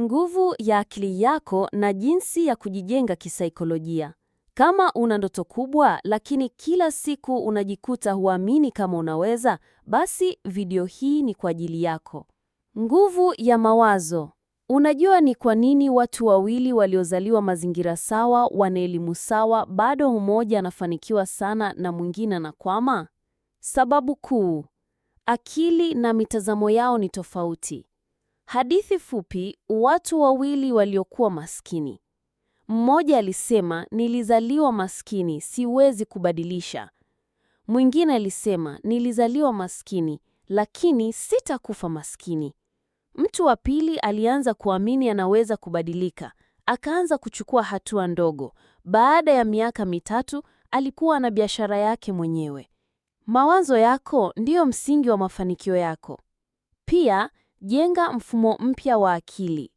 Nguvu ya akili yako na jinsi ya kujijenga kisaikolojia. Kama una ndoto kubwa lakini kila siku unajikuta huamini kama unaweza, basi video hii ni kwa ajili yako. Nguvu ya mawazo. Unajua ni kwa nini watu wawili waliozaliwa mazingira sawa, wana elimu sawa, bado mmoja anafanikiwa sana na mwingine anakwama? Sababu kuu, akili na mitazamo yao ni tofauti. Hadithi fupi: watu wawili waliokuwa maskini. Mmoja alisema, nilizaliwa maskini, siwezi kubadilisha. Mwingine alisema, nilizaliwa maskini, lakini sitakufa maskini. Mtu wa pili alianza kuamini anaweza kubadilika, akaanza kuchukua hatua ndogo. Baada ya miaka mitatu, alikuwa na biashara yake mwenyewe. Mawazo yako ndiyo msingi wa mafanikio yako. Pia jenga mfumo mpya wa akili.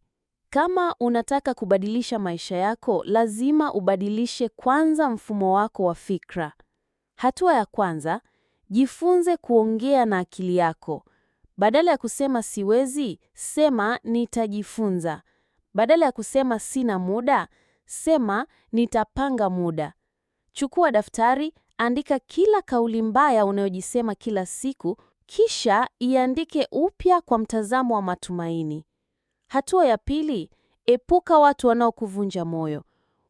Kama unataka kubadilisha maisha yako, lazima ubadilishe kwanza mfumo wako wa fikra. Hatua ya kwanza, jifunze kuongea na akili yako. Badala ya kusema siwezi, sema nitajifunza. Badala ya kusema sina muda, sema nitapanga muda. Chukua daftari, andika kila kauli mbaya unayojisema kila siku kisha iandike upya kwa mtazamo wa matumaini. Hatua ya pili, epuka watu wanaokuvunja moyo.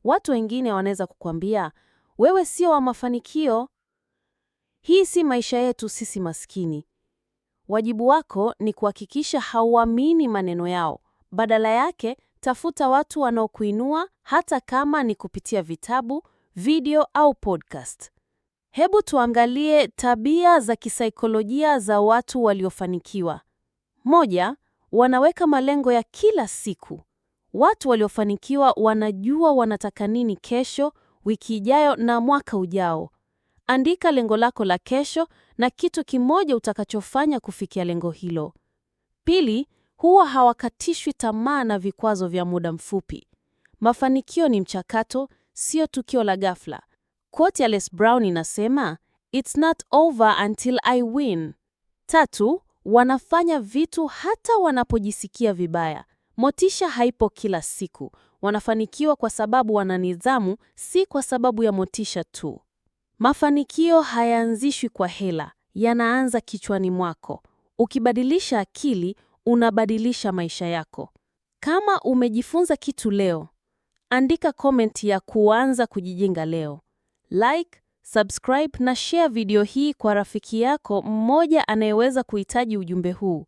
Watu wengine wanaweza kukwambia wewe sio wa mafanikio, hii si maisha yetu, sisi maskini. Wajibu wako ni kuhakikisha hauamini maneno yao. Badala yake, tafuta watu wanaokuinua, hata kama ni kupitia vitabu, video au podcast. Hebu tuangalie tabia za kisaikolojia za watu waliofanikiwa. Moja, wanaweka malengo ya kila siku. Watu waliofanikiwa wanajua wanataka nini kesho, wiki ijayo na mwaka ujao. Andika lengo lako la kesho na kitu kimoja utakachofanya kufikia lengo hilo. Pili, huwa hawakatishwi tamaa na vikwazo vya muda mfupi. Mafanikio ni mchakato, sio tukio la ghafla. Quote ya Les Brown inasema it's not over until I win. Tatu, wanafanya vitu hata wanapojisikia vibaya. Motisha haipo kila siku. Wanafanikiwa kwa sababu wana nidhamu, si kwa sababu ya motisha tu. Mafanikio hayaanzishwi kwa hela, yanaanza kichwani mwako. Ukibadilisha akili, unabadilisha maisha yako. Kama umejifunza kitu leo, andika komenti ya kuanza kujijenga leo like, subscribe na share video hii kwa rafiki yako mmoja anayeweza kuhitaji ujumbe huu.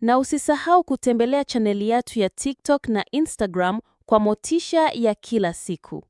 Na usisahau kutembelea chaneli yetu ya TikTok na Instagram kwa motisha ya kila siku.